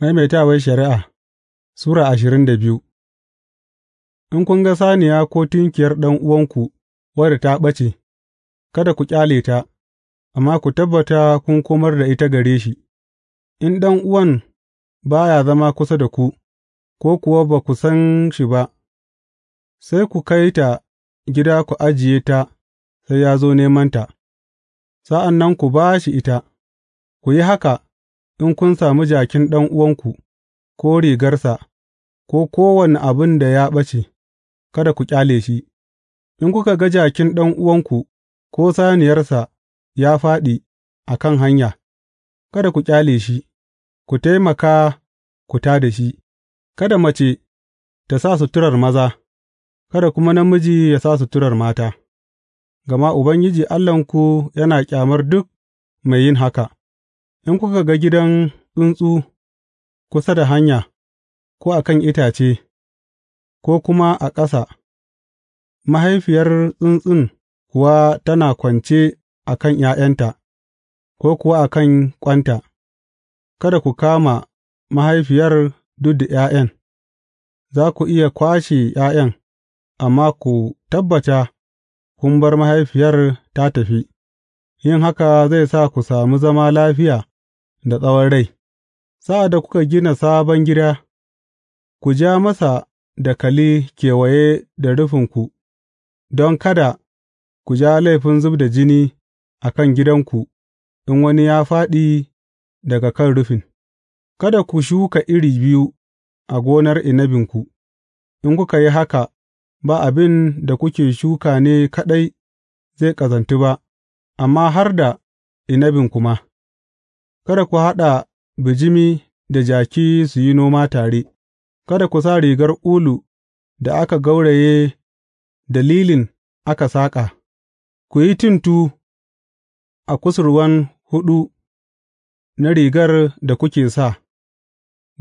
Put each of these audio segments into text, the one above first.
Maimaitawar Shari'a Sura ashirin da biyu In kun ga saniya ko tunkiyar ɗan'uwanku wadda ta ɓace, kada ku ƙyale ta, amma ku tabbata kun komar da ita gare shi, in ɗan'uwan ba ya zama kusa da ku, ko kuwa ba ku san shi ba, sai ku kai ta gida ku ajiye ta sai ya zo nemanta, sa'an nan ku ba shi ita, ku yi haka. in kun sami jakin ɗan'uwanku, ko rigarsa, ko kowane abin da ya ɓace, kada ku ƙyale shi, in kuka ga jakin ɗan'uwanku ko saniyarsa ya fāɗi a kan hanya, kada ku ƙyale shi, ku taimaka ku tā da shi, kada mace ta sa suturar maza, kada kuma namiji ya sa suturar mata, gama Ubangiji Allahnku yana ƙyamar duk mai yin haka. In kuka ga gidan tsuntsu kusa da hanya, ko a kan itace, ko kuma a ƙasa, mahaifiyar tsuntsun kuwa tana kwance a kan ’ya'yanta, ko kuwa a kan ƙwanta, kada ku kama mahaifiyar duk da ’ya'yan, za ku iya kwashe ’ya'yan, amma ku tabbata kun bar mahaifiyar ta tafi, yin haka zai sa ku sami zama lafiya. da tsawon rai, sa'ad da kuka gina sabon gida, ku ja masa dakali kewaye da rufinku, don kada ku ja laifin zub da jini a kan gidanku in wani ya fāɗi daga kan rufin, kada ku shuka iri biyu a gonar inabinku, in kuka yi haka, ba abin da kuke shuka ne kaɗai zai ƙazantu ba, amma har da inabin kuma. Kada ku haɗa bijimi da jaki su yi noma tare, kada ku sa rigar ulu da aka gauraye da lilin aka saƙa, ku yi tuntu a kusurwan huɗu na rigar da kuke sa,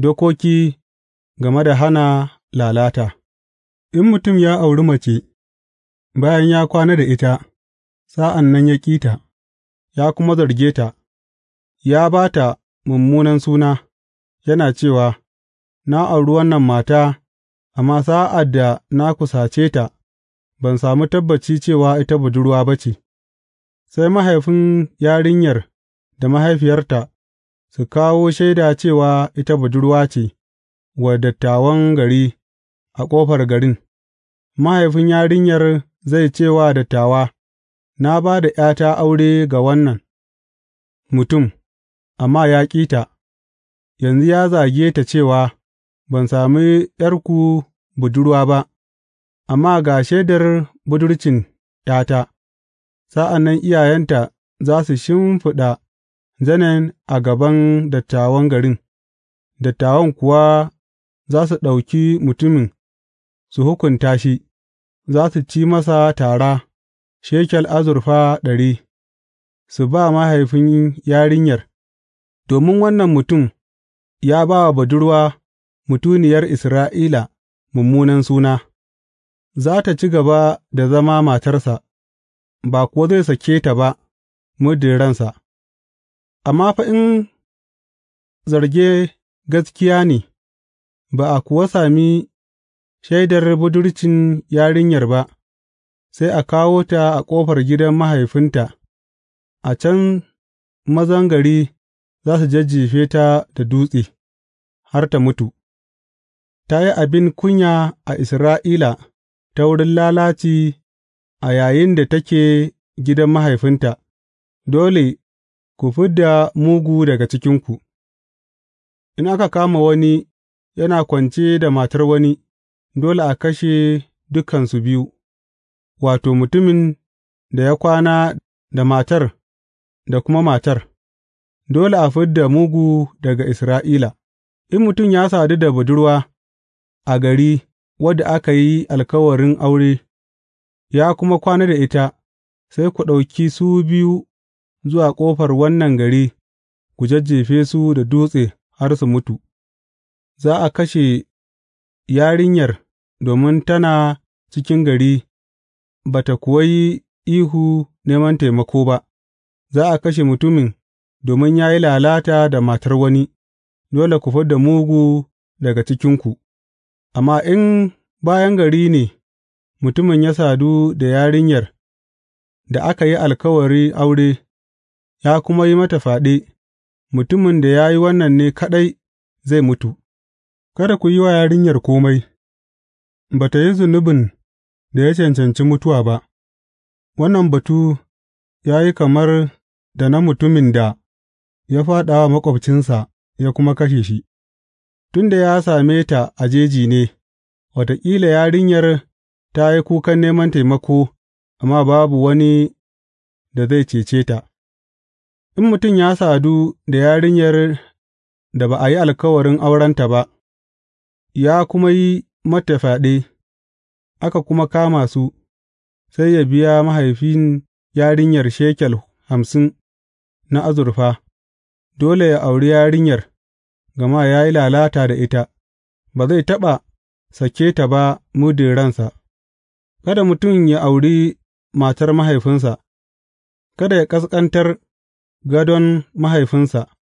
dokoki game da hana lalata. In mutum ya auri mace, bayan ya kwana da ita, sa'an nan ya ƙi ya kuma zarge ta. ya ba ta mummunan suna, yana cewa, Na auri wannan mata, amma sa'ad da na kusace ta, ban sami tabbaci cewa ita budurwa ba ce, sai mahaifin yarinyar da mahaifiyarta su kawo shaida cewa ita budurwa ce wa dattawan gari a ƙofar garin, mahaifin yarinyar zai ce wa dattawa, Na ba da ’yata aure ga wannan mutum. amma ya ƙi ta, yanzu ya zage ta cewa, Ban sami ’yarku budurwa ba, amma ga shaidar budurcin ’yata, sa'an nan iyayenta za su shimfiɗa zanen a gaban dattawan garin, dattawan kuwa za su ɗauki mutumin su hukunta shi, za su ci masa tara shekel azurfa ɗari, su ba mahaifin yarinyar. Domin wannan mutum ya ba wa budurwa mutuniyar Isra'ila mummunan suna, za tă ci gaba da zama matarsa, ba kuwa zai sake ta ba muddin ransa, amma fa in zarge gaskiya ne, ba a kuwa sami shaidar budurcin yarinyar ba, sai a kawo ta a ƙofar gidan mahaifinta, a can mazan gari za su jajjefe ta da dutse har ta mutu, ta yi abin kunya a Isra'ila ta wurin lalaci a yayin da take gidan mahaifinta, dole ku fid da mugu daga cikinku, in aka kama wani yana kwance da matar wani, dole a kashe dukansu biyu, wato, mutumin da ya kwana da matar da kuma matar. dole a fid da mugu daga Isra'ila In mutum ya sadu da budurwa a gari wadda aka yi alkawarin aure, ya kuma kwana da ita, sai ku ɗauki su biyu zuwa ƙofar wannan gari, ku jajjefe su da dutse har su mutu, za a kashe yarinyar domin tana cikin gari ba ta kuwa yi ihu neman taimako ba, za a kashe mutumin domin ya yi lalata da matar wani, dole ku fid da mugu daga cikinku, amma in bayan gari ne mutumin ya sadu da yarinyar da aka yi alkawari aure, ya kuma yi mata fyaɗe, mutumin da ya yi wannan ne kaɗai zai mutu, kada ku yi wa yarinyar komai. ba ta yi zunubin da ya cancanci mutuwa ba, wannan batu ya yi kamar da na mutumin da. ya fāɗa wa maƙwabcinsa ya kuma kashe shi, tun da ya same ta a jeji ne, wataƙila yarinyar ta yi kukan neman taimako, amma babu wani da zai cece ta. In mutum ya sadu da yarinyar da ba a yi alkawarin aurenta ba, ya kuma yi mata fyaɗe, aka kuma kama su, sai ya biya mahaifin yarinyar shekel hamsin na azurfa, dole yă auri yarinyar, gama ya yi lalata da ita, ba zai taɓa sake ta ba muddin ransa, kada mutum ya auri matar mahaifinsa, kada ya ƙasƙantar gadon mahaifinsa.